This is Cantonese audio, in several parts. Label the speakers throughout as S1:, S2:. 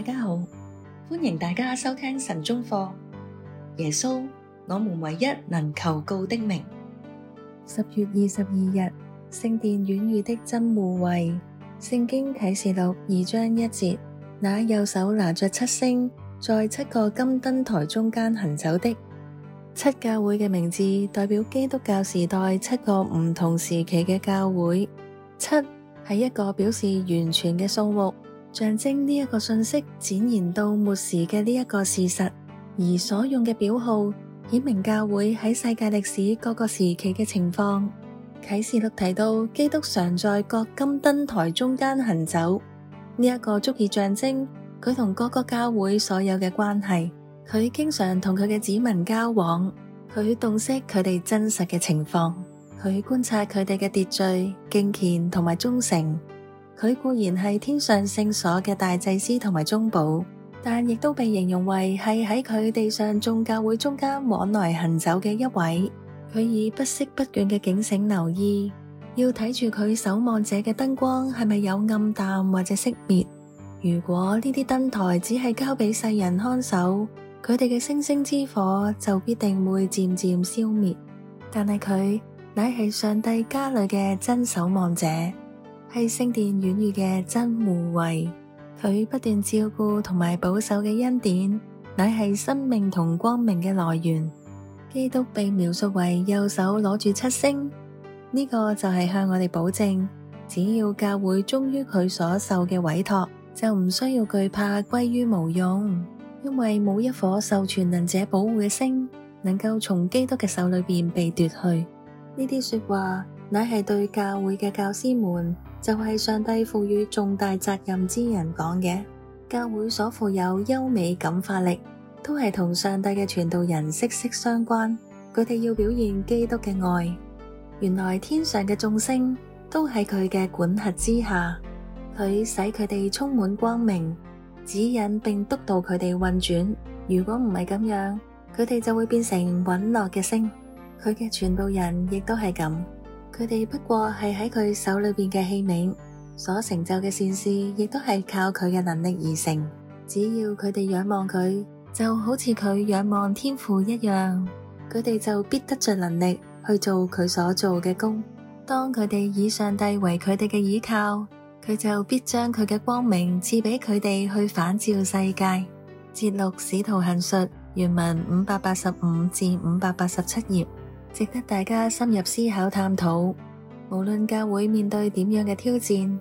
S1: 大家好，歡迎大家收聽神中課。耶穌，我們唯一能求告的名。十月二十二日，聖殿院宇的真護衛。聖經啟示錄二章一節，那右手拿着七星，在七個金燈臺中間行走的七教會嘅名字，代表基督教時代七個唔同時期嘅教會。七係一個表示完全嘅數目。象徵呢一個信息展現到末時嘅呢一個事實，而所用嘅表號顯明教會喺世界歷史各個時期嘅情況。啟示錄提到基督常在各金燈台中間行走，呢一個足以象徵佢同各個教會所有嘅關係。佢經常同佢嘅子民交往，佢洞悉佢哋真實嘅情況，佢觀察佢哋嘅秩序、敬虔同埋忠誠。佢固然係天上聖所嘅大祭司同埋中保，但亦都被形容為係喺佢地上眾教會中間往來行走嘅一位。佢以不息不倦嘅警醒、留意，要睇住佢守望者嘅燈光係咪有暗淡或者熄滅。如果呢啲燈台只係交俾世人看守，佢哋嘅星星之火就必定會漸漸消滅。但係佢乃係上帝家裏嘅真守望者。係聖殿院宇嘅真護衛，佢不斷照顧同埋保守嘅恩典，乃係生命同光明嘅來源。基督被描述為右手攞住七星，呢、這個就係向我哋保證，只要教會忠於佢所受嘅委託，就唔需要懼怕歸於無用，因為冇一顆受全能者保護嘅星，能夠從基督嘅手裏邊被奪去。呢啲說話。乃係對教會嘅教師們，就係上帝賦予重大責任之人講嘅。教會所富有優美感化力，都係同上帝嘅傳道人息息相關。佢哋要表現基督嘅愛。原來天上嘅眾星都喺佢嘅管轄之下，佢使佢哋充滿光明，指引並督導佢哋運轉。如果唔係咁樣，佢哋就會變成隕落嘅星。佢嘅傳道人亦都係咁。佢哋不過係喺佢手裏邊嘅器皿，所成就嘅善事亦都係靠佢嘅能力而成。只要佢哋仰望佢，就好似佢仰望天父一樣，佢哋就必得着能力去做佢所做嘅工。當佢哋以上帝為佢哋嘅倚靠，佢就必將佢嘅光明賜俾佢哋去反照世界。節錄《使徒行述》原文五百八十五至五百八十七頁。值得大家深入思考探討，無論教會面對點樣嘅挑戰，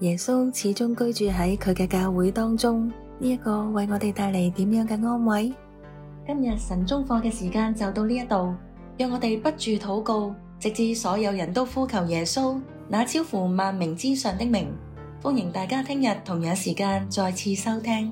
S1: 耶穌始終居住喺佢嘅教會當中，呢、這、一個為我哋帶嚟點樣嘅安慰？今日神中課嘅時間就到呢一度，讓我哋不住禱告，直至所有人都呼求耶穌那超乎萬名之上的名。歡迎大家聽日同樣時間再次收聽。